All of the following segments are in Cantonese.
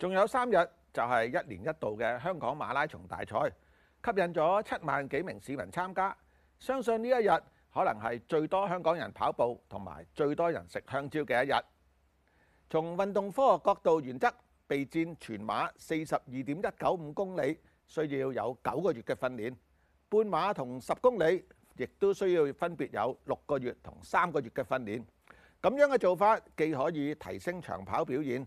仲有三日就係一年一度嘅香港馬拉松大賽，吸引咗七萬幾名市民參加。相信呢一日可能係最多香港人跑步同埋最多人食香蕉嘅一日。從運動科學角度原則，備戰全馬四十二點一九五公里，需要有九個月嘅訓練；半馬同十公里，亦都需要分別有六個月同三個月嘅訓練。咁樣嘅做法既可以提升長跑表現，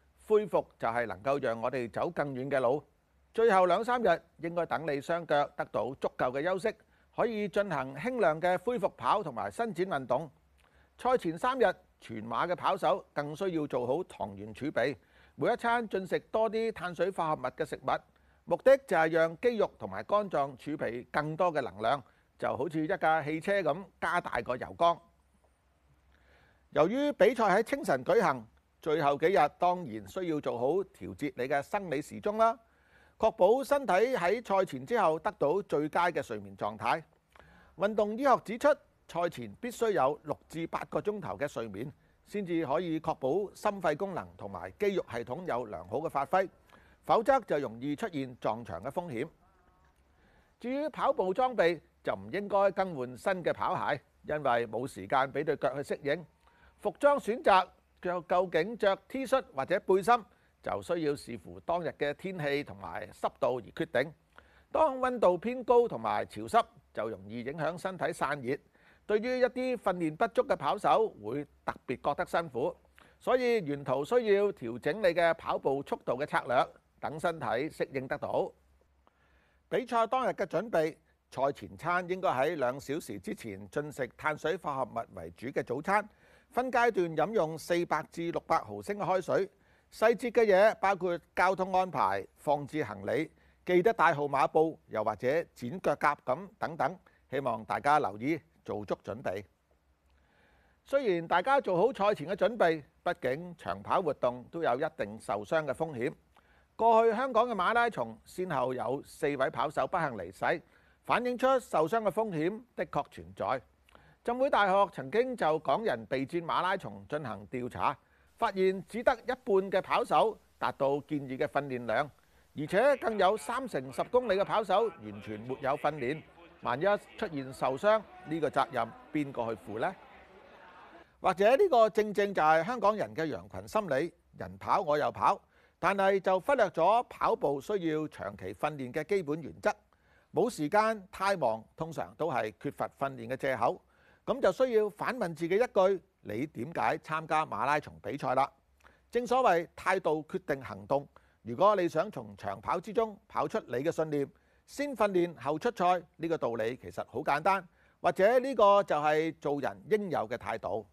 恢復就係能夠讓我哋走更遠嘅路。最後兩三日應該等你雙腳得到足夠嘅休息，可以進行輕量嘅恢復跑同埋伸展運動。賽前三日，全馬嘅跑手更需要做好糖原儲備，每一餐進食多啲碳水化合物嘅食物，目的就係讓肌肉同埋肝臟儲備更多嘅能量，就好似一架汽車咁加大個油缸。由於比賽喺清晨舉行。最後幾日當然需要做好調節你嘅生理時鐘啦，確保身體喺賽前之後得到最佳嘅睡眠狀態。運動醫學指出，賽前必須有六至八個鐘頭嘅睡眠，先至可以確保心肺功能同埋肌肉系統有良好嘅發揮，否則就容易出現撞牆嘅風險。至於跑步裝備，就唔應該更換新嘅跑鞋，因為冇時間俾對腳去適應。服裝選擇。就究竟著 T 恤或者背心，就需要視乎當日嘅天氣同埋濕度而決定。當温度偏高同埋潮濕，就容易影響身體散熱。對於一啲訓練不足嘅跑手，會特別覺得辛苦。所以沿途需要調整你嘅跑步速度嘅策略，等身體適應得到。比賽當日嘅準備，賽前餐應該喺兩小時之前進食碳水化合物為主嘅早餐。分階段飲用四百至六百毫升嘅開水。細節嘅嘢包括交通安排、放置行李，記得帶號碼布，又或者剪腳甲咁等等。希望大家留意，做足準備。雖然大家做好賽前嘅準備，畢竟長跑活動都有一定受傷嘅風險。過去香港嘅馬拉松先後有四位跑手不幸離世，反映出受傷嘅風險的確存在。浸會大學曾經就港人備戰馬拉松進行調查，發現只得一半嘅跑手達到建議嘅訓練量，而且更有三成十公里嘅跑手完全沒有訓練。萬一出現受傷，呢個責任邊個去負呢？或者呢個正正就係香港人嘅羊群心理，人跑我又跑，但係就忽略咗跑步需要長期訓練嘅基本原則。冇時間太忙，通常都係缺乏訓練嘅藉口。咁就需要反問自己一句：你點解參加馬拉松比賽啦？正所謂態度決定行動。如果你想從長跑之中跑出你嘅信念，先訓練後出賽，呢個道理其實好簡單，或者呢個就係做人應有嘅態度。